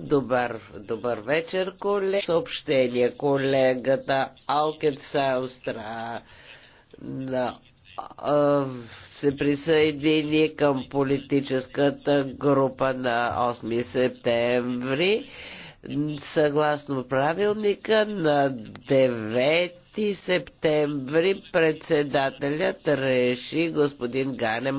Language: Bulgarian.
добър, добър вечер, колеги. Съобщение колегата Алкет Саустра се присъедини към политическата група на 8 септември. Съгласно правилника на 9 септември председателят реши господин Ганем